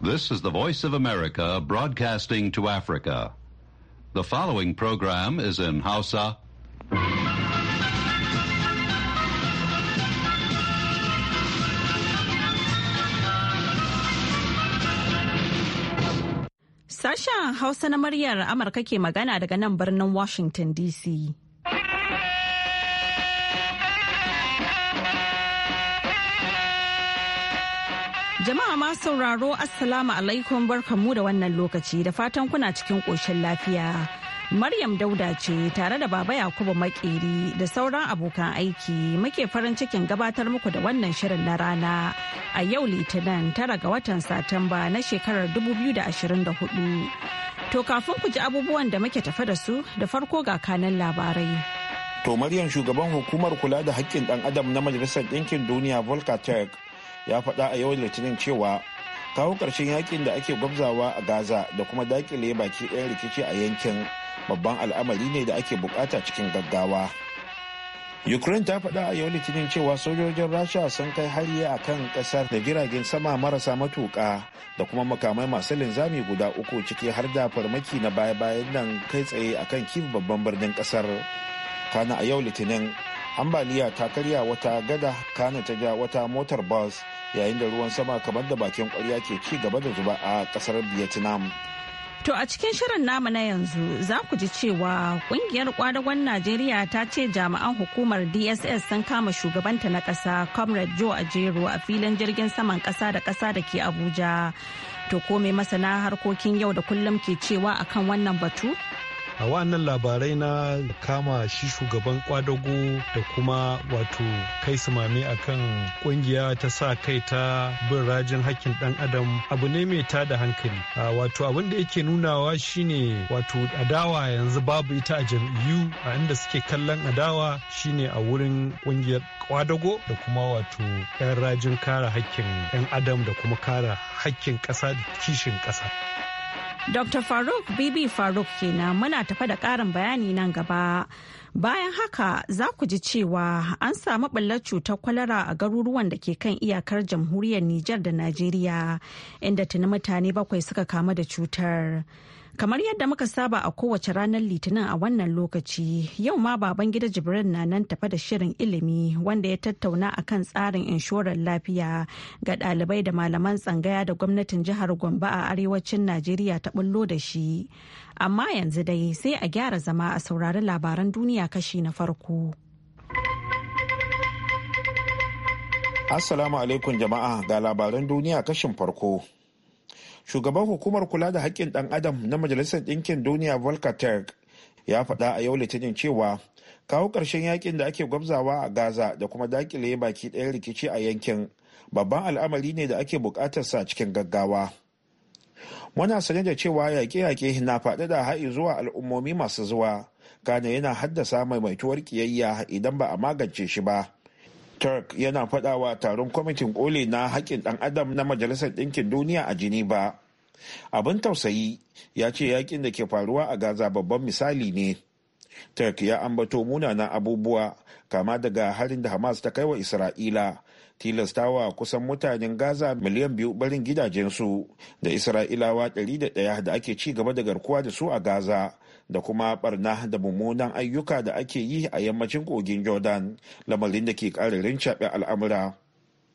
This is the Voice of America broadcasting to Africa. The following program is in Hausa. Sasha Hausa na muryar Amurka ke magana daga nan birnin Washington DC. sauraro Assalamu alaikum barkamu da wannan lokaci da fatan kuna cikin koshin lafiya. Maryam Dauda ce tare da Baba Yakubu Makeri da sauran abokan aiki muke farin cikin gabatar muku da wannan shirin na rana a yau Litinin tara ga watan Satumba na shekarar 2024. To kafin ku ji abubuwan da muke tafa da su da farko ga kanan labarai. To Maryam shugaban hukumar kula da haƙƙin ɗan adam na Majalisar Ɗinkin Duniya Volker ya faɗa a yau litinin cewa kawo ƙarshen yakin da ake gwabzawa a gaza da kuma dakile baki ɗayan rikici a yankin babban al'amari ne da ake bukata cikin gaggawa ukraine ta faɗa a yau litinin cewa sojojin rasha sun kai hari a kan ƙasar da jiragen sama marasa matuƙa da kuma makamai masu linzami guda uku ciki har da farmaki na baya-bayan nan kai tsaye a kan kif babban birnin ƙasar kana a yau litinin ambaliya ta karya wata gada kana ta ja wata motar bus yayin da ruwan sama kamar da bakin kwarya ke ci gaba da zuba a kasar vietnam To a cikin shirin namu na yanzu za ku ji cewa kungiyar kwadagon Najeriya ta ce jami'an hukumar DSS sun kama shugabanta na ƙasa Comrade Joe Ajero a filin jirgin saman ƙasa da ƙasa da ke Abuja. To ko masana harkokin yau da kullum ke cewa akan wannan batu? a wa'annan labarai na kama shi shugaban kwadago da kuma wato kai a kan kungiya ta sa kai ta bin rajin hakkin dan adam abu ne mai ta da hankali wato abin da yake nunawa shine wato adawa yanzu babu ita a jam'iyyu a inda suke kallon adawa shine a wurin kungiyar kwadago da kuma wato yan rajin kara hakkin yan adam da kuma kara hakkin kasa da kishin kasa. Dr. Faruk Bibi Faruk kenan muna tafa da ƙarin bayani nan gaba. Bayan haka za ku ji cewa an samu ɓallar cutar kwalara a garuruwan da ke kan iyakar jamhuriyar Nijar da Najeriya inda tuni mutane bakwai suka kamu da cutar. Kamar yadda muka saba a kowace ranar Litinin a wannan lokaci, yau ma baban gida Jibrin na nan tafa da shirin ilimi wanda ya tattauna a kan tsarin inshorar lafiya ga ɗalibai da malaman tsangaya da gwamnatin jihar Gombe a arewacin Najeriya ta bullo da shi. Amma yanzu dai sai a gyara zama a saurari labaran duniya kashi na farko. Assalamu alaikum jama'a ga labaran duniya kashin farko. shugaban hukumar kula da haƙƙin ɗan adam na majalisar ɗinkin duniya volker turk ya faɗa a yau litinin cewa kawo ƙarshen yakin da ake gwamzawa a gaza da kuma dakile baki ɗayan rikici a yankin babban al'amari ne da ake buƙatarsa cikin gaggawa muna sane da cewa yaƙe-yaƙe na faɗaɗa ha'i zuwa al'ummomi masu zuwa kana yana haddasa maimaituwar ƙiyayya idan ba a magance shi ba turk yana fadawa taron kwamitin koli na haƙƙin ɗan adam na majalisar ɗinkin duniya a geneva abin tausayi ya ce yaƙin da ke faruwa a gaza babban misali ne turk ya ambato munana abubuwa kama daga harin da hamas ta kai wa isra'ila tilastawa kusan mutanen gaza miliyan biyu barin gidajensu da isra'ilawa ɗaya da ake ci gaba da garkuwa da su a gaza da kuma barna da mummunan ayyuka da ake yi a yammacin kogin jordan lamarin da ke ƙara rincaɓe al'amura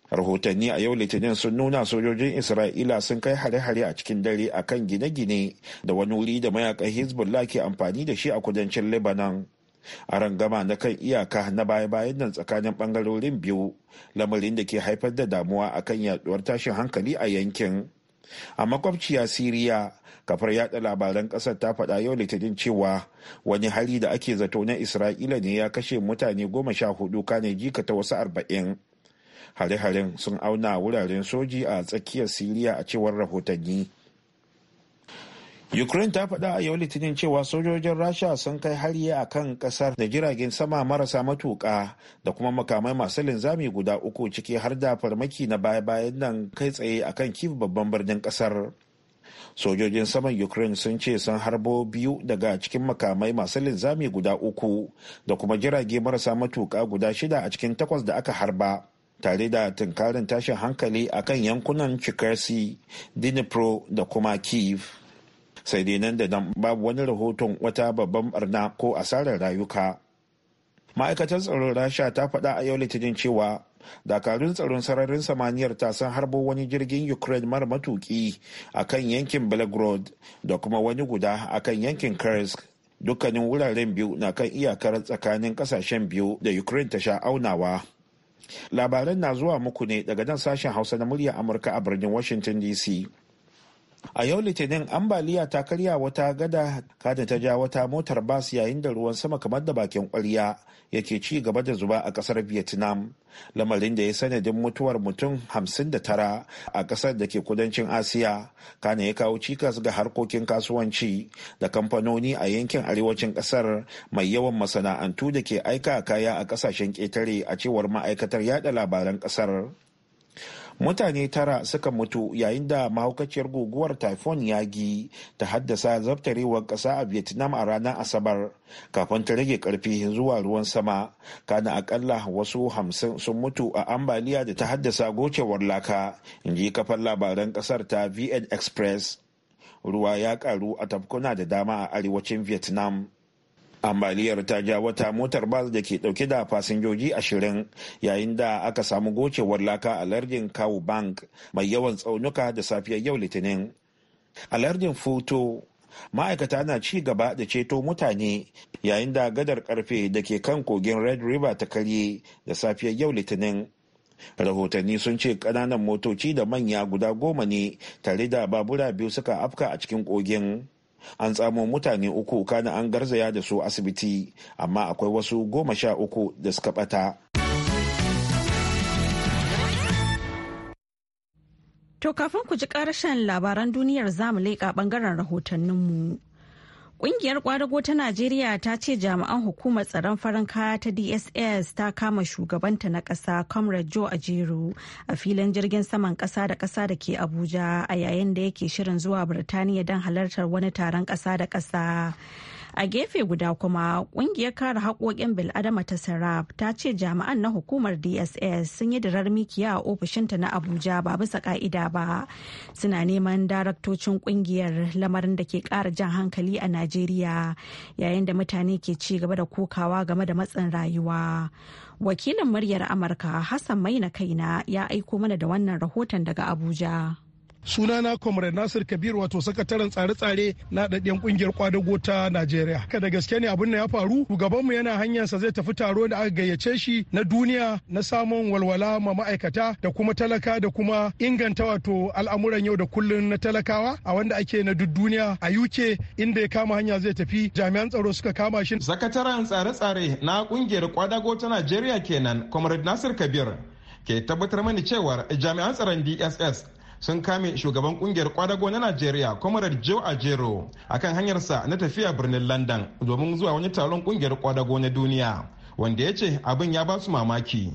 rahotanni a yau litinin sun nuna sojojin isra'ila sun kai hare-hare a cikin dare akan gine-gine da wani wuri da mayakan hezbollah ke amfani da shi a kudancin lebanon a rangama na kan iyaka na baya-bayan nan tsakanin bangarorin biyu lamarin da ke haifar da damuwa akan yaduwar tashin hankali a yankin a makwabciya siriya kafar yada labaran kasar ta faɗa yau litinin cewa wani hari da ake zato na isra'ila ne ya kashe mutane goma sha hudu kane jika ta wasu arba'in hare-haren sun auna wuraren soji a tsakiyar siriya a cewar rahotanni ukraine ta faɗa a yau litinin cewa sojojin rasha sun kai hari a kan ƙasar da jiragen sama marasa matuƙa da kuma makamai masu linzami guda uku ciki har da farmaki na baya-bayan nan kai tsaye a kan kif babban birnin ƙasar sojojin saman ukraine sun ce sun harbo biyu daga cikin makamai masu linzami guda uku da kuma jirage marasa matuka guda shida a cikin takwas da aka harba tare da tunkarin tashin hankali a kan yankunan chikersi dinipro da kuma kiev sai dai nan da nan babu wani rahoton wata babban barna ko asarar rayuka ma'aikatar tsaron rasha ta faɗa a yau litinin cewa dakarun tsaron sararin samaniyar ta san harbo wani jirgin ukraine mara matuki a kan yankin belgrade da kuma wani guda a kan yankin kursk dukkanin wuraren biyu na kan iyakar tsakanin kasashen biyu da ukraine ta sha aunawa labaran na zuwa muku ne daga nan sashen hausa na murya amurka a birnin washington dc a yau litinin ambaliya ta karya wata gada kada ta ja wata motar bas yayin da ruwan sama kamar da bakin kwarya yake ci gaba da zuba a kasar vietnam lamarin da ya sanadin mutuwar mutum hamsin da tara a kasar da ke kudancin asiya kana ya kawo cikas ga harkokin kasuwanci da kamfanoni a yankin arewacin kasar mai yawan masana'antu da ke aika kaya a kasashen ƙetare a cewar ma'aikatar yada labaran kasar mutane tara suka mutu yayin da mahaukaciyar guguwar typhoon gi ta haddasa zabtarewar ƙasa a vietnam a ranar asabar kafin ta rage karfi zuwa ruwan sama kana akalla wasu hamsin sun mutu a ambaliya da ta haddasa gocewar laka in ji kafar labaran ƙasar ta vn express ruwa ya karu a tafkuna da dama a arewacin vietnam ambaliyar ta ja wata motar bas da ke dauke da fasinjoji ashirin yayin da aka samu gocewar laka a lardin kawu bank mai yawan tsaunuka da safiyar yau litinin a lardin futo ma'aikata na ci gaba da ceto mutane yayin da gadar karfe da ke kan kogin red river ta karye da safiyar yau litinin rahotanni sun ce kananan motoci da manya guda goma ne tare da babura biyu suka afka a cikin kogin an tsamo mutane uku kana an garzaya da su asibiti amma akwai wasu goma sha uku da suka bata To kafin ku ji karashen labaran duniyar zamu leƙa ɓangaren rahotanninmu. Ƙungiyar ƙwadago ta Najeriya ta ce jami'an hukumar tsaron farin kaya ta DSS ta kama shugabanta na ƙasa Comrade Joe Ajeru a filin jirgin saman ƙasa da ƙasa da ke Abuja a yayin da yake shirin zuwa Birtaniya don halartar wani taron ƙasa da ƙasa. a gefe guda kuma kungiyar kare haƙoƙin bil'adama ta sarab ta ce jami'an na hukumar dss sun yi dirar mikiya a ofishinta na abuja ba bisa ka'ida ba suna neman daraktocin kungiyar lamarin da ke ƙara jan hankali a najeriya yayin da mutane ke ci gaba da kokawa game da matsin rayuwa wakilin muryar amurka hassan maina kaina ya aiko mana da wannan rahoton daga abuja sunana comrade nasir kabir wato sakataren tsare-tsare na daɗin ƙungiyar kwadago ta najeriya ka da gaske ne abin da ya faru shugabanmu yana hanyar sa zai tafi taro da aka gayyace shi na duniya na samun walwala ma ma'aikata da kuma talaka da kuma inganta wato al'amuran yau da kullun na talakawa a wanda ake na duk duniya a uk inda ya kama hanya zai tafi jami'an tsaro suka kama shi sakataren tsare-tsare na ƙungiyar kwadago ta najeriya kenan comrade nasir kabir ke tabbatar mani cewar jami'an tsaron dss sun kame shugaban kungiyar kwadago na najeriya comrade joe ajero akan hanyarsa na tafiya birnin london domin zuwa wani taron kungiyar kwadago na duniya wanda ya ce abin ya ba su mamaki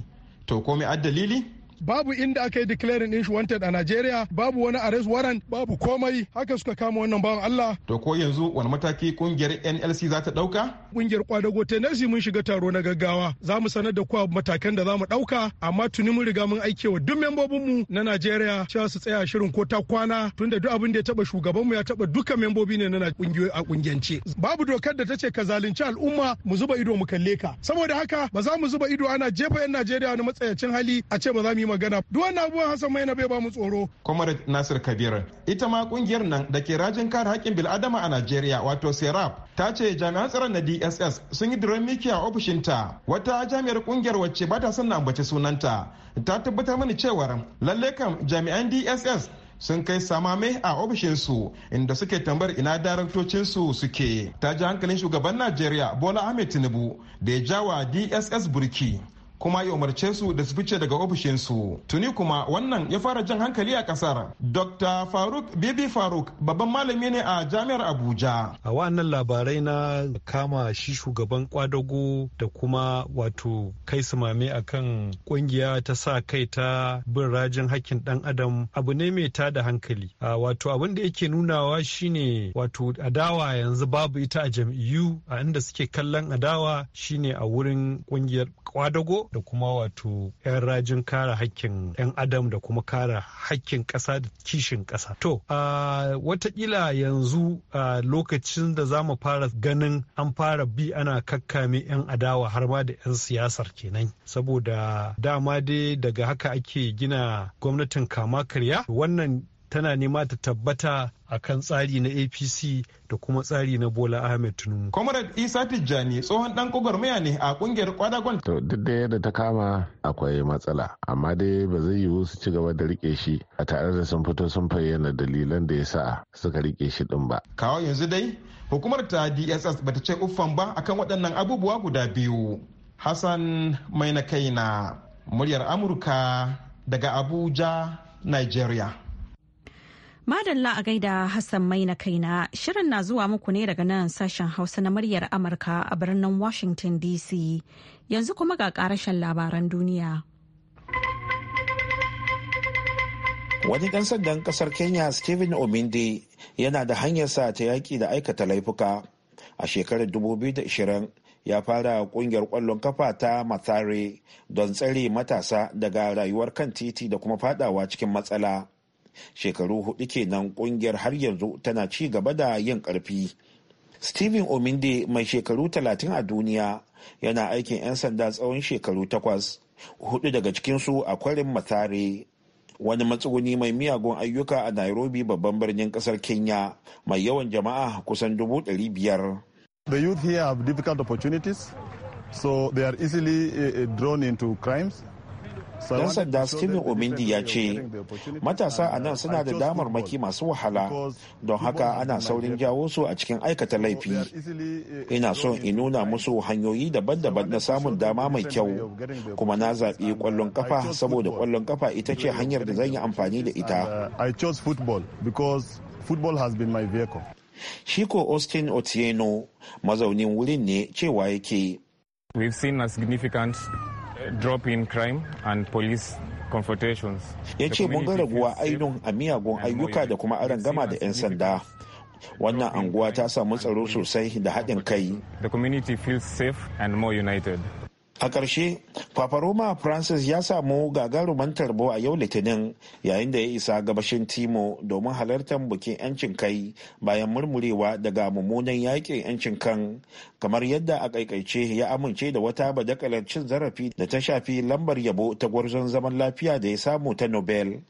to komai ad dalili babu inda aka yi declaring in wanted a Najeriya babu wani arrest warrant babu komai haka suka kama wannan bawan Allah to ko yanzu wani mataki kungiyar NLC za ta dauka kungiyar kwadago tenesi mun shiga taro na gaggawa za mu sanar da kuwa matakan da za mu dauka amma tuni mun riga mun aike wa duk membobin mu na Najeriya cewa su tsaya shirin ko ta kwana tunda duk abin da ya taba shugaban mu ya taba duka membobi ne na kungiyoyi a kungiyance babu dokar da ta ce ka zalunci al'umma mu zuba ido mu kalle ka saboda haka ba za mu zuba ido ana jefa yan Najeriya wani matsayacin hali a ce ba za mu yi magana duk wannan abubuwan Hassan Maina bai ba mu tsoro Comrade Nasir Kabir ita ma kungiyar nan da ke rajin kare haƙƙin bil'adama a Najeriya wato Serap ta ce jami'an tsaron na DSS sun yi diren miki a ofishinta wata jami'ar kungiyar wacce ba ta son ambaci sunanta ta tabbatar mini cewar lalle kam jami'an DSS sun kai samame a ofishinsu inda suke tambar ina daraktocinsu suke ta ji hankalin shugaban najeriya bola ahmed tinubu da ya jawa dss burki kuma ya umarce su da su fice daga ofishinsu tuni kuma wannan ya fara jan hankali a kasar dr faruk bibi faruk babban malami ne a jami'ar abuja a wannan labarai na kama shi shugaban kwadago da kuma wato kai sumame kan kungiya ta sa kai ta bin rajin hakkin dan adam abu ne mai ta da hankali wato abin da yake nunawa shine wato adawa yanzu babu ita a jam'iyyu a inda suke kallon adawa shine a wurin kungiyar kwadago da kuma wato 'yan rajin kare hakkin 'yan adam da kuma kare hakkin ƙasa da kishin ƙasa. To, watakila yanzu a lokacin da za mu fara ganin an fara bi ana kakkame 'yan adawa har ma da 'yan siyasar kenan. Saboda dama dai daga haka ake gina gwamnatin kama karya wannan tana nema ta tabbata a kan tsari na apc da kuma tsari na bola ahmed tinubu comrade isa tijjani tsohon dan gwagwarmaya ne a kungiyar kwadagon to duk da yadda ta kama akwai matsala amma dai ba zai yiwu su ci gaba da rike shi a tare da sun fito sun fayyana dalilan da ya sa suka rike shi din ba kawo yanzu dai hukumar ta dss bata ce uffan ba akan waɗannan abubuwa guda biyu hassan mai na kai na muryar amurka daga abuja nigeria Madalla a gaida Hassan mai na kaina shirin na zuwa muku ne daga nan sashen Hausa na muryar Amurka a birnin Washington DC yanzu kuma ga karashen labaran duniya. Wani ɗan sandan ƙasar Kenya Stephen omindi yana da hanyarsa ta yaki da aikata laifuka. A shekarar 2020 ya fara ƙungiyar ƙwallon kafa ta Mathare don tsare matasa daga rayuwar kan titi da kuma fadawa cikin matsala. shekaru hudu kenan kungiyar har yanzu tana ci gaba da yin karfi stephen ominde mai shekaru talatin a duniya yana aikin 'yan sanda tsawon shekaru takwas hudu daga cikinsu a kwarin matare wani matsuguni mai miyagun ayyuka a nairobi babban birnin kasar kenya mai yawan jama'a kusan dubu biyar. the youth here have difficult opportunities so they are easily uh, drawn into crimes dan sanda steven omindi ya ce matasa a nan suna da damar maki masu wahala don haka ana saurin jawo su a cikin aikata laifi eh, ina son in nuna musu hanyoyi daban-daban na samun dama mai kyau kuma na zaɓi ƙwallon kafa uh, saboda ƙwallon kafa ita ce hanyar da zan yi amfani da ita uh, has Shiko Austin Otieno mazaunin wurin ne cewa yake. We've seen a significant drop in crime and police confrontations. Ya ce mun ga raguwa ainihin a miyagun ayyuka da kuma gama da 'yan sanda. Wannan anguwa ta samu tsaro sosai da haɗin kai. The community feels safe and more united. a ƙarshe paparoma francis ya samu gagaruman tarbo a yau litinin yayin da ya isa gabashin timo domin halartar bukin 'yancin kai bayan murmurewa daga mummunan yaƙin 'yancin kan kamar yadda a ƙaiƙaice ya amince da wata badakalar cin zarafi da ta shafi lambar yabo ta gwarzon zaman lafiya da ya samu ta nobel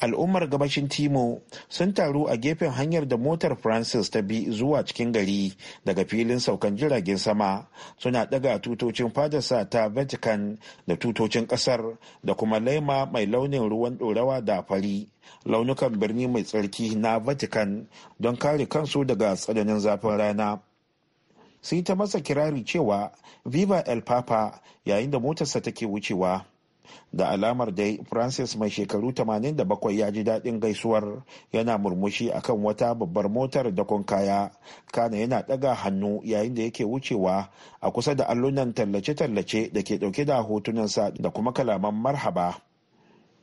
al'ummar gabashin timo sun taru a gefen hanyar da motar francis ta bi zuwa cikin gari daga filin saukan jiragen sama suna daga tutocin fadarsa ta vatican da tutocin kasar da kuma laima mai launin ruwan dorawa da fari launukan birni mai tsarki na vatican don kare kansu daga tsananin zafin rana sai ta masa kirari cewa viva el papa yayin da motarsa take wucewa da alamar dai francis mai shekaru 87 ya ji daɗin gaisuwar yana murmushi akan wata babbar motar da kaya kana yana ɗaga hannu yayin da yake wucewa a kusa da allunan tallace-tallace da ke ɗauke da hotunansa da kuma kalaman marhaba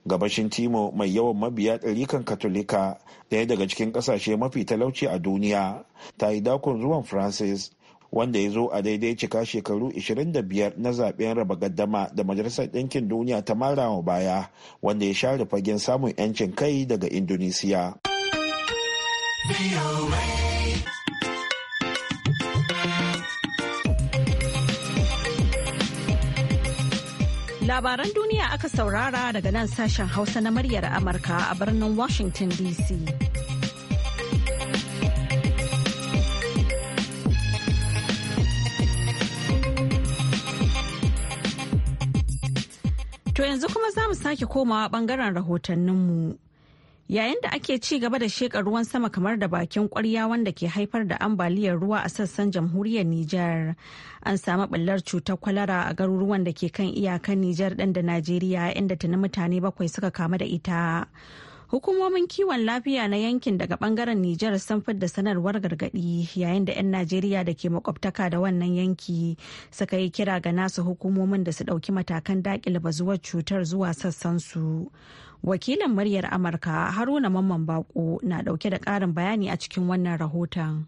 gabashin timo mai yawan mabiya ɗarikan katolika ɗaya daga cikin ƙasashe mafi talauci a duniya ta yi dakon zuwan francis wanda ya zo a daidai cika shekaru 25 na zaben raba gaddama da majalisar ɗinkin duniya ta mara marawa baya wanda ya share fagen samun 'yancin kai daga indonesiya labaran duniya aka saurara daga nan sashen hausa na muryar amurka a birnin washington dc To yanzu kuma za mu sake komawa bangaren rahotanninmu. Yayin da ake ci gaba da sheka ruwan sama kamar da bakin kwarya wanda ke haifar da ambaliyar ruwa a sassan jamhuriyar Nijar, an samu ɓullar cutar kwalara a garuruwan da ke kan iyakan Nijar ɗin da Najeriya inda tuni mutane bakwai suka kamu da ita. Hukumomin kiwon lafiya na yankin daga bangaren Nijar sun fidda sanarwar gargadi yayin da 'yan Najeriya da ke makwabtaka da wannan yanki suka yi kira ga nasu hukumomin da su ɗauki matakan daƙile bazuwar cutar zuwa sassan su. Wakilin muryar Amurka Haruna Mamman Bako na ɗauke da ƙarin bayani a cikin wannan rahoton.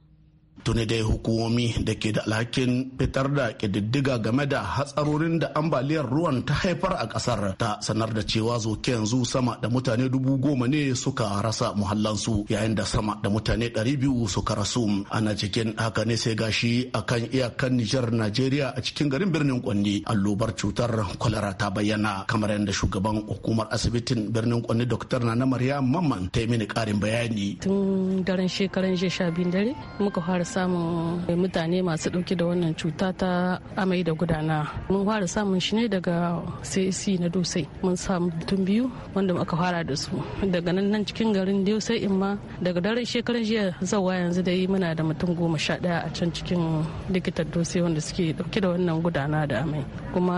tuni dai hukumomi da ke da alhakin fitar da ƙididdiga game da hatsarorin da ambaliyar ruwan ta haifar a ƙasar ta sanar da cewa zoke yanzu sama da mutane dubu goma ne suka rasa muhallansu yayin da sama da mutane ɗari biyu suka rasu ana cikin haka ne sai gashi akan iyakan nijar najeriya a cikin garin birnin kwanni allobar cutar kwalara ta bayyana kamar yadda shugaban hukumar asibitin birnin kwanni dr nana maryam mamman ta yi mini ƙarin bayani tun daren shekaran jiya sha biyu dare muka fara samun mutane masu ɗauke da wannan cuta ta amai da gudana mun fara samun shi ne daga cc na dosai mun samu mutum biyu wanda aka fara da su daga nan nan cikin garin dusai in ma daga daren shekaran jiya zawa yanzu dai muna da mutum goma sha ɗaya a can cikin likitan dusai wanda suke ɗauke da wannan gudana da amai kuma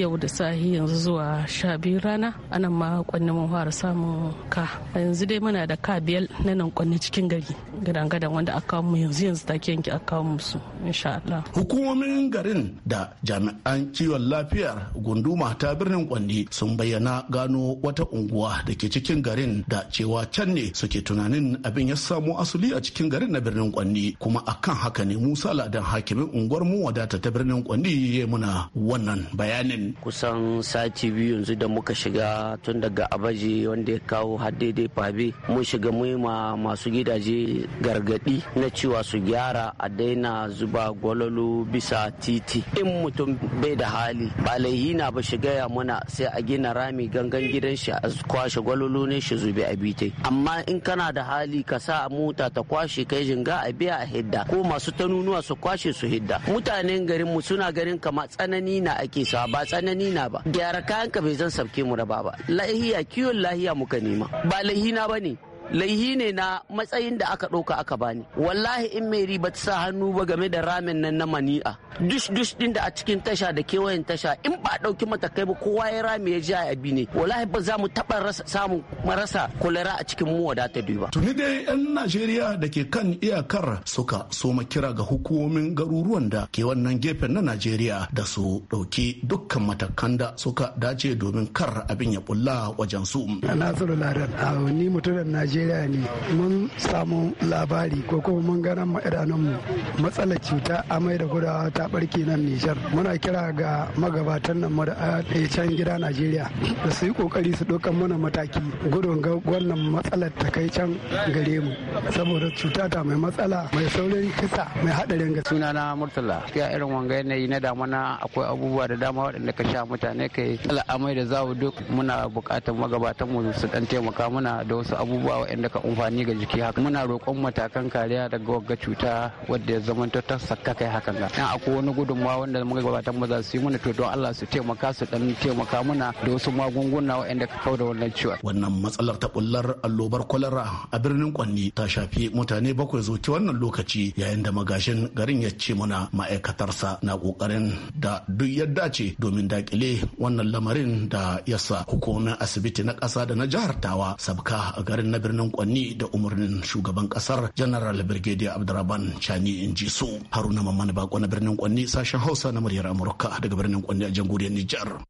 yau da sahi yanzu zuwa sha biyu rana anan ma kwanne mun fara samun ka yanzu dai muna da ka biyar na nan kwanne cikin gari gadan-gadan wanda aka kawo mu yanzu yanzu a kawo musu insha Allah. Hukumomin garin da jami'an kiwon lafiyar gunduma ta birnin Kwanni sun bayyana gano wata unguwa da ke cikin garin da cewa can ne suke tunanin abin ya samo asali a cikin garin na birnin Kwanni kuma akan haka ne Musa Ladan hakimin unguwar mu wadata ta birnin Kwanni ya muna wannan bayanin. Kusan sati biyu yanzu da muka shiga tun daga abaji wanda ya kawo har daidai fabe mun shiga muhimma masu gidaje gargadi na cewa su gyara yara a daina zuba gwalolo bisa titi in mutum bai da hali ba laihina ba shi gaya muna sai a gina rami gangan gidan shi a kwashe gwalolo ne shi zube a bite amma in kana da hali ka sa a mota ta kwashe kai jinga a biya a hidda ko masu tanunuwa su kwashe su hidda mutanen garin mu suna garin kama tsanani na ake sa ba tsanani na ba gyara kayan ka bai zan sauke mu da ba lahiya kiwon lahiya muka nema ba lahi ba ne. laihi ne na matsayin da aka ɗauka aka bani wallahi in mai riba ta sa hannu ba game da ramen nan na mani'a dush dus din da a cikin tasha da kewayen tasha in ba ɗauki matakai ba kowa ya rame ya ji a bi ne wallahi ba za mu taɓa samun marasa kulera a cikin mu wadata ba. tuni dai yan najeriya da ke kan iyakar suka soma kira ga hukumomin garuruwan da ke wannan gefen na najeriya da su ɗauki dukkan matakan da suka dace domin kar abin ya bulla wajen su. Nasiru Ladan, ni mutumin Najeriya najeriya ne mun samu labari ko kuma mun ganin idanunmu matsalar cuta amai da gudawa ta barke nan nijar muna kira ga magabatan nan mu da can gida najeriya da su yi kokari su ɗaukan mana mataki gudun ga wannan matsalar ta kai can gare mu saboda cuta ta mai matsala mai saurin kisa mai hadarin ga na murtala ya irin wanga yanayi na damana akwai abubuwa da dama waɗanda ka sha mutane kai amai da zawo duk muna buƙatar magabatan mu su ɗan taimaka muna da wasu abubuwa waɗanda ka amfani ga jiki haka muna roƙon matakan kariya daga wagga cuta wadda ya zama ta sakka kai hakan ga dan akwai wani gudunmawa wanda muka gabatar maza su yi mana to don Allah su taimaka su dan taimaka muna da wasu magunguna waɗanda ka da wannan ciwon wannan matsalar ta bullar allobar kwalara a birnin Kwanni ta shafi mutane bakwai zuci wannan lokaci yayin da magashin garin ya ce muna ma'aikatarsa na kokarin da duk yadda ce domin dakile wannan lamarin da yasa hukumomin asibiti na ƙasa da na jihar Tawa sabka a garin na birnin birnin kwanni da umarnin shugaban kasar general brigadier abdurrahman chani in ji su haruna mamman bako na birnin kwanni sashen hausa na muryar amurka daga birnin kwanni a jamhuriyar nijar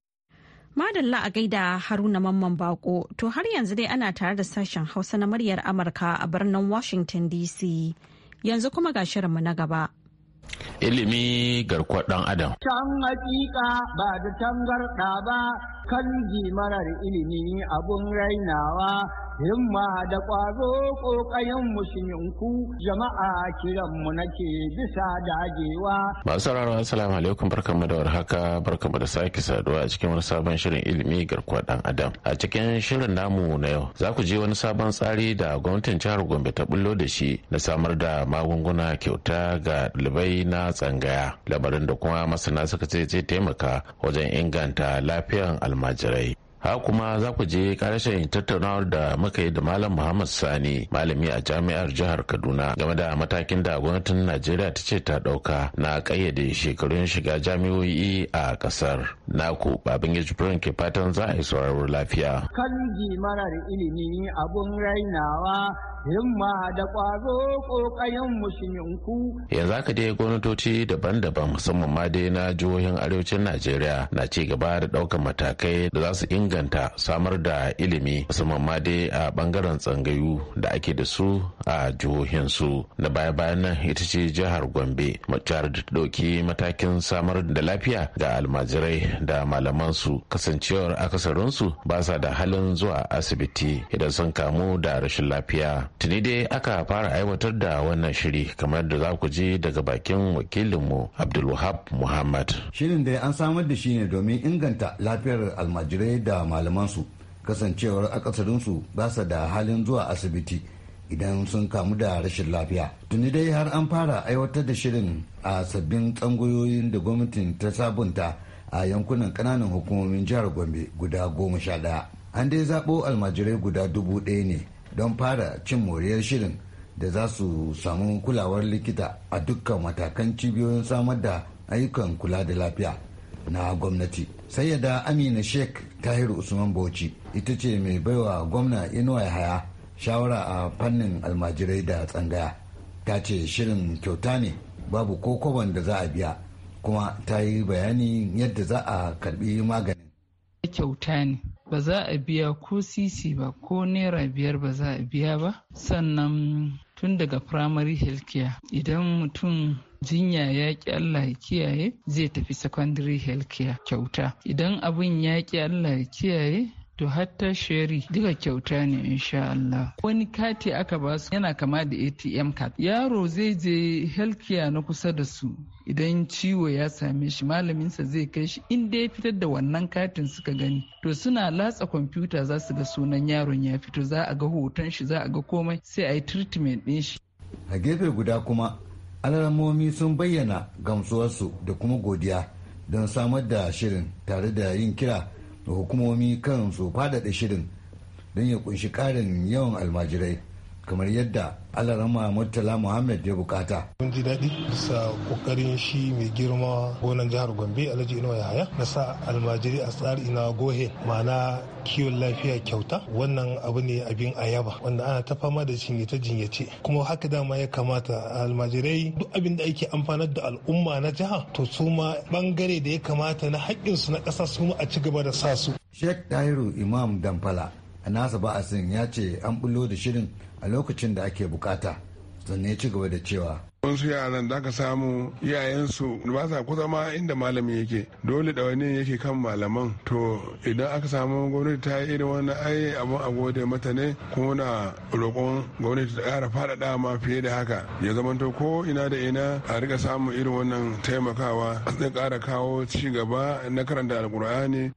Madalla a gaida Haruna Mamman Bako, to har yanzu dai ana tare da sashen Hausa na muryar Amurka a birnin Washington DC. Yanzu kuma ga shirinmu na gaba. Ilimi garkuwar ɗan Adam. Can hakika ba da tangarɗa ba, kan marar ilimi abun rainawa himma da ƙwazo ƙoƙayen musulminku jama'a kiran mu nake bisa dagewa. Masu sauraron assalamu alaikum barkamu da warhaka barkamu da sake saduwa a cikin wani sabon shirin ilimi garkuwa dan adam. A cikin shirin namu na yau za ku je wani sabon tsari da gwamnatin jihar Gombe ta bullo da shi na samar da magunguna kyauta ga ɗalibai na tsangaya labarin da kuma masana suka ce zai taimaka wajen inganta lafiyan almajirai. ha kuma za ku je karashin tattaunawar da muka yi da malam muhammad sani malami a jami'ar jihar kaduna game da matakin da gwamnatin najeriya ta ce ta ɗauka, na kayyade shekarun shiga jami'o'i a ƙasar. naku babin ya jibirin ke fatan za a yi sauraro lafiya kan marar ilimi abun rainawa himma da ƙwazo ƙoƙayen musulminku. Yanzu haka dai gwamnatoci daban-daban musamman ma dai na jihohin arewacin Najeriya na ci gaba da ɗaukar matakai da za su inganta inganta samar da ilimi musamman ma dai a bangaren tsangayu da ake da su a jihohinsu na baya-bayan nan ita ce jihar gombe jihar da ta ɗauki matakin samar da lafiya ga almajirai da malamansu kasancewar akasarinsu ba sa da halin zuwa asibiti idan sun kamu da rashin lafiya tuni dai aka fara aiwatar da wannan shiri kamar da za ku je daga bakin wakilinmu abdulwahab muhammad shirin dai an samar da shi ne domin inganta lafiyar almajirai da ga malamansu kasancewar akasarinsu ba su da halin zuwa asibiti idan sun kamu da rashin lafiya tuni dai har an fara aiwatar da shirin a sabbin tsangoyoyin da gwamnatin ta sabunta a yankunan kananan hukumomin jihar gombe guda goma sha ɗaya an dai zaɓo almajirai guda dubu ɗaya ne don fara cin moriyar shirin da za su samu kulawar likita a dukkan matakan cibiyoyin samar da ayyukan kula da lafiya na gwamnati sai sayyada amina sheikh tahir usman bauchi ita ce mai baiwa gwamna inuwa haya shawara a fannin almajirai da tsangaya ta ce shirin kyauta ne babu kokoban da za a biya kuma ta yi bayanin yadda za a karbi maganin kyauta ne ba za a biya ko sisi ba ko naira biyar ba za a biya ba sannan tun daga primary healthcare idan mutum jinya ya ki Allah ya kiyaye zai tafi secondary healthcare kyauta idan abin ya ki Allah ya kiyaye to hatta sheri duka kyauta ne insha Allah wani kati aka ba su yana kama da ATM card yaro zai je healthcare na kusa da su idan ciwo ya same shi malaminsa zai kai shi in dai fitar da wannan katin suka gani to suna latsa kwamfuta za su ga sunan yaron ya fito za a ga hoton shi za a ga komai sai a yi treatment din shi a gefe guda kuma al'amomi sun bayyana gamsuwarsu da kuma godiya don samar da shirin tare da yin kira da hukumomi kan su fadada shirin don ya kunshi karin yawan almajirai kamar yadda alarama murtala muhammad ya bukata mun ji daɗi bisa ƙoƙarin shi mai girma gonan jihar gombe alhaji inuwa yahaya na sa almajiri a tsari na gohe ma'ana kiwon lafiya kyauta wannan abu ne abin ayaba wanda ana ta fama da jinyace jinyace kuma haka dama ya kamata almajirai duk abin da ake amfanar da al'umma na jiha to su ma bangare da ya kamata na su na ƙasa su ma a ci gaba da sa su sheikh tahiru imam damfala a nasa ba'asin ya ce an bulo da shirin a lokacin da ake bukata sannan ci gaba da cewa wasu yaran da aka samu iyayensu ba sa kusa ma inda malami yake dole da wani yake kan malaman to idan aka samu gwamnati ta yi irin wani ai abu, a gode mata ne kuma na roƙon gwamnati ta ƙara faɗaɗa ma fiye da haka ya zama ko ina da ina a rika samun irin wannan taimakawa zai ƙara kawo ci gaba na karanta alƙur'ani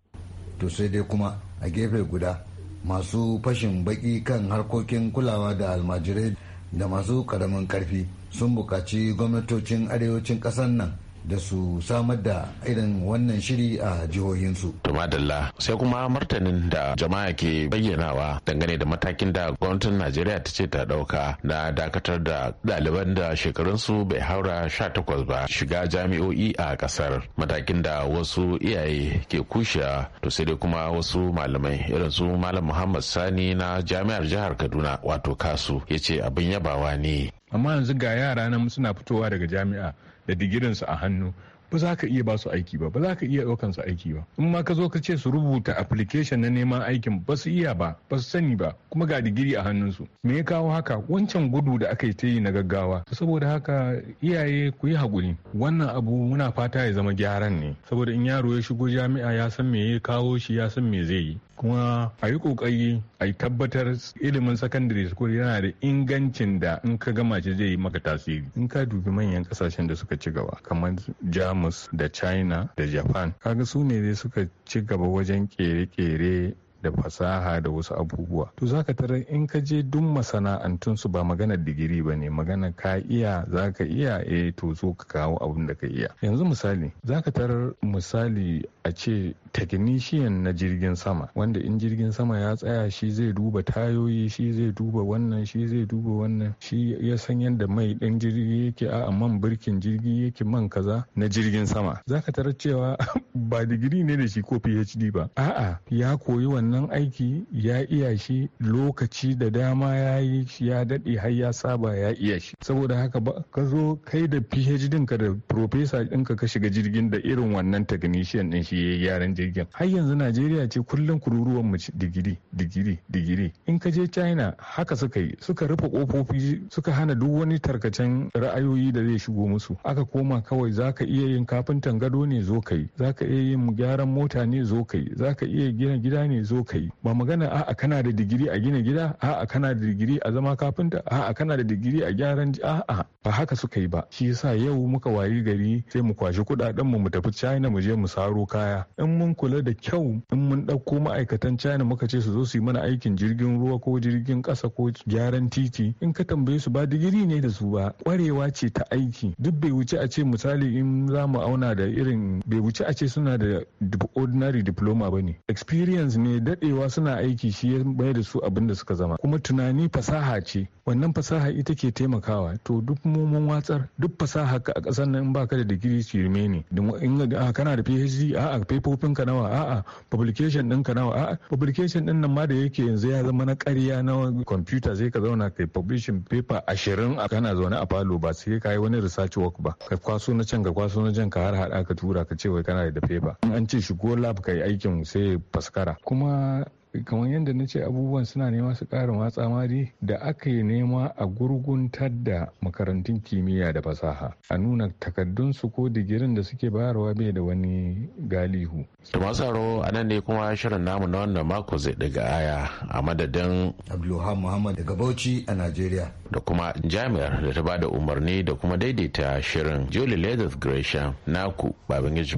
to sai dai kuma a gefe guda masu fashin baki kan harkokin kulawa da almajirai da masu karamin karfi sun buƙaci gwamnatocin arewacin ƙasar nan da su samar da irin wannan shiri a jihohinsu. Tumadalla sai kuma martanin da jama'a ke bayyanawa dangane da matakin da gwamnatin Najeriya ta ce ta ɗauka na dakatar da ɗaliban da shekarunsu bai haura sha takwas ba shiga jami'o'i a ƙasar matakin da wasu iyaye ke kusha to sai dai kuma wasu malamai irin su malam Muhammad Sani na jami'ar jihar Kaduna wato Kasu ya ce abin yabawa ne. amma yanzu ga yara nan suna fitowa daga jami'a da digirinsu a hannu ba za ka iya ba su aiki ba ba za ka iya ɗaukan su aiki ba in ma ka zo ka ce su rubuta application na neman aikin ba su iya ba ba su sani ba kuma ga digiri a hannunsu me ya kawo haka wancan gudu da aka yi ta yi na gaggawa saboda haka iyaye ku yi haƙuri wannan abu muna fata ya zama gyaran ne saboda in yaro ya shigo jami'a ya san me ya kawo shi ya san me zai yi kuma a yi kokari a tabbatar ilimin sakandare school yana da ingancin da in ka gama shi zai yi maka tasiri in ka dubi manyan kasashen da suka ci gaba kamar jamus da china da japan kaga su ne suka ci gaba wajen kere-kere da fasaha da wasu abubuwa to zaka tarar in ka je duk masana'antun su ba maganar digiri ba ne magana ka iya zaka iya eh to zo ka kawo abin da ka iya yanzu misali zaka tarar misali a ce technician na jirgin sama wanda in jirgin sama ya tsaya shi zai duba tayoyi shi zai duba wannan shi zai duba wannan shi ya san yadda mai ɗan jirgi yake a man birkin jirgi yake man kaza na jirgin sama zaka tarar cewa ba digiri ne da shi ko phd ba a'a ya koyi wannan wannan aiki ya iya shi lokaci da dama ya yi ya daɗe har ya saba ya iya shi saboda haka ba ka zo kai da phd ka da professor ɗinka ka shiga jirgin da irin wannan technician din shi yayi gyaran jirgin har yanzu najeriya ce kullum kururuwan mu digiri digiri digiri in ka je china haka suka yi suka rufe kofofi suka hana duk wani tarkacen ra'ayoyi da zai shigo musu aka koma kawai zaka iya yin kafintan gado ne zo kai zaka iya yin gyaran mota ne zo kai zaka iya gina gida ne zo ka yi ba magana a'a kana da digiri a gina gida a'a kana da digiri a zama kafinta a'a kana da digiri a gyaran a'a ba haka suka yi ba shi yasa yau muka wayi gari sai mu kwashi kudaden mu mu tafi China mu je mu saro kaya in mun kula da kyau in mun dauko ma'aikatan China muka ce su zo su yi mana aikin jirgin ruwa ko jirgin kasa ko gyaran titi in ka tambaye su ba digiri ne da su ba kwarewa ce ta aiki duk bai wuce a ce misali in za mu auna da irin bai wuce a ce suna da ordinary diploma ba ne experience ne da daɗewa suna aiki shi ya mai da su abin da suka zama kuma tunani fasaha ce wannan fasaha ita ke taimakawa to duk momon watsar duk fasaha ka a ƙasar nan in baka da digiri shirme ne in ah, kana da phd a'a paperfin ka nawa a'a publication ɗin ka nawa a'a publication ɗin nan ma da yake yanzu ya zama na ƙarya na kwamfuta sai ka zauna kai publishing paper ashirin a kana zaune a falo ba sai ka yi wani research work ba ka kwaso na can ka kwaso na can ka har hada ka tura ka ce wai kana da paper an ce shigo lab ka yi aikin sai faskara kuma uh, kamar yadda na ce abubuwan suna nema su ƙara matsa mari da aka yi nema a gurguntar da makarantun kimiyya da fasaha a nuna takardunsu ko digirin da suke bayarwa bai da wani galihu. da masaro a nan ne kuma shirin namu na wannan mako zai daga aya a madadin abdulluha muhammad daga bauchi a nigeria. da kuma jami'ar da ta ba da umarni da kuma daidaita shirin julie leathers gresham naku babangiji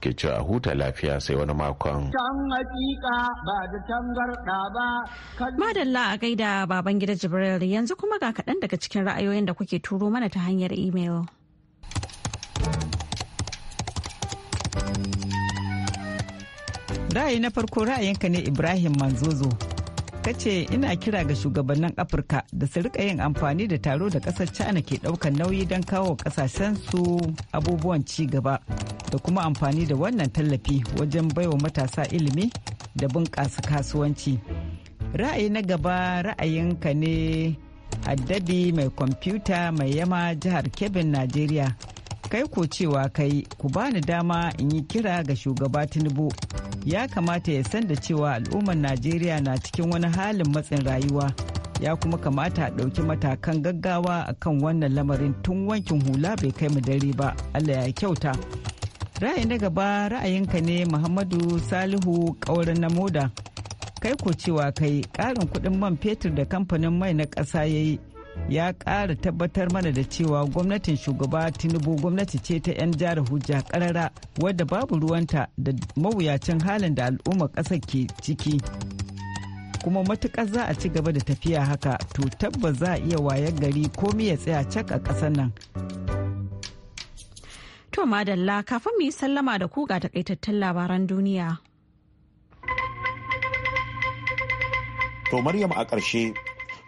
ke cewa huta lafiya sai wani makon. ba. Madalla a gaida baban gida Jibril yanzu kuma ga kaɗan daga cikin ra'ayoyin da kuke turo mana ta hanyar imel. Ra'ayi na farko ra'ayinka ne Ibrahim Manzozo ka ce ina kira ga shugabannin afirka da su rika yin amfani da taro da kasar china ke daukan nauyi don kawo su abubuwan ci gaba da kuma amfani da wannan tallafi wajen baiwa matasa ilimi da bunƙasa kasuwanci ra'ayi na gaba ra'ayinka ne addabi mai kwamfuta mai yama jihar kebin najeriya kai ko cewa kai ku bani dama in yi kira ga shugaba tinubu ya kamata ya san da cewa al'ummar najeriya na cikin wani halin matsin rayuwa ya kuma kamata a ɗauki matakan gaggawa akan wannan lamarin tun wankin hula bai kai mu dare ba allah ya kyauta ra'ayi na gaba ra'ayinka ne muhammadu salihu ƙauren na moda kai ko cewa kai ƙarin kuɗin man fetur da kamfanin mai na ƙasa ya yi ya ƙara tabbatar mana da cewa gwamnatin shugaba tinubu gwamnati ce ta 'yan jihar hujja karara wadda babu ruwanta da mawuyacin halin da al'umma ƙasar ke ciki kuma matuƙar za a ci gaba da tafiya haka to tabbas za a iya wayar gari komi ya tsaya cak a ƙasar nan to madalla kafin mu yi sallama da ku ga takaitattun labaran duniya To Maryam a ƙarshe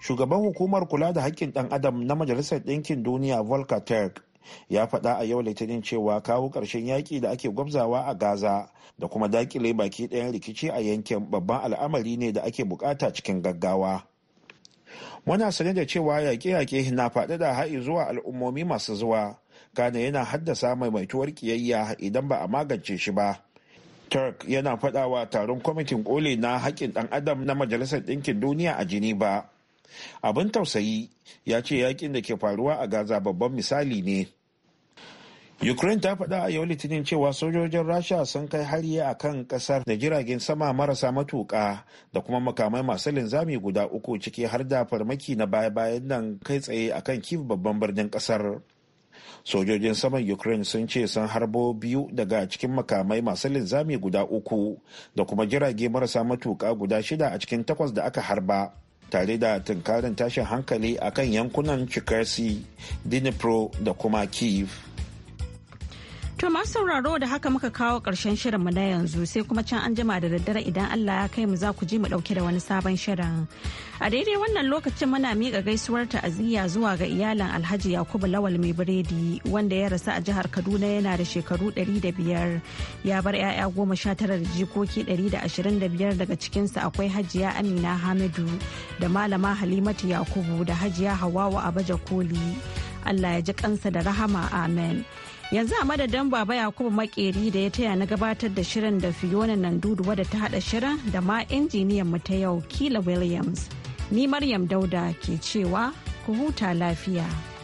shugaban hukumar kula da haƙƙin ɗan adam na majalisar ɗinkin duniya volker turk ya faɗa a yau litinin cewa kawo ƙarshen yaƙi da ake gwabzawa a gaza da kuma dakile baki ɗayan rikici a yankin babban al'amari ne da ake bukata cikin gaggawa muna sane da cewa yaƙe-yaƙe na faɗi da ha'i zuwa al'ummomi masu zuwa gane yana haddasa maimaituwar ƙiyayya idan ba a magance shi ba turk yana faɗawa taron kwamitin ƙoli na haƙƙin ɗan adam na majalisar ɗinkin duniya a geneva abin tausayi ya ce yakin da ke faruwa a gaza babban misali ne ukraine ta faɗa a yau litinin cewa sojojin rasha sun kai hari a kan ƙasar da jiragen sama marasa matuƙa da kuma makamai masu linzami guda uku ciki har da farmaki na baya-bayan nan kai tsaye a kan kif babban birnin ƙasar sojojin saman ukraine sun ce sun harbo biyu daga cikin makamai masu linzami guda uku da kuma jirage marasa matuƙa guda shida a cikin takwas da aka harba tare da tunkarin tashin hankali a kan yankunan Chikersi, Dnipro da kuma Kiev. To masu sauraro da haka muka kawo ƙarshen mu na yanzu sai kuma can an jima da daddare idan Allah ya kai mu za ku ji mu ɗauke da wani sabon shirin. A daidai wannan lokacin muna miƙa gaisuwar ta'aziyya zuwa ga iyalan Alhaji Yakubu Lawal mai biredi wanda ya rasu a jihar Kaduna yana da shekaru 105 ya bar 'ya'ya goma sha tara da jikoki biyar. daga cikinsa akwai Hajiya Amina Hamidu da Malama Halimatu Yakubu da Hajiya Hawawa Abaja Koli. Allah ya ji kansa da rahama amen. yanzu a madadin baba yakubu makeri da ya taya na gabatar da shirin da fiona nandudu wadda ta hada shirin da ma injiniyan mu ta yau kila williams ni maryam dauda ke cewa ku huta lafiya.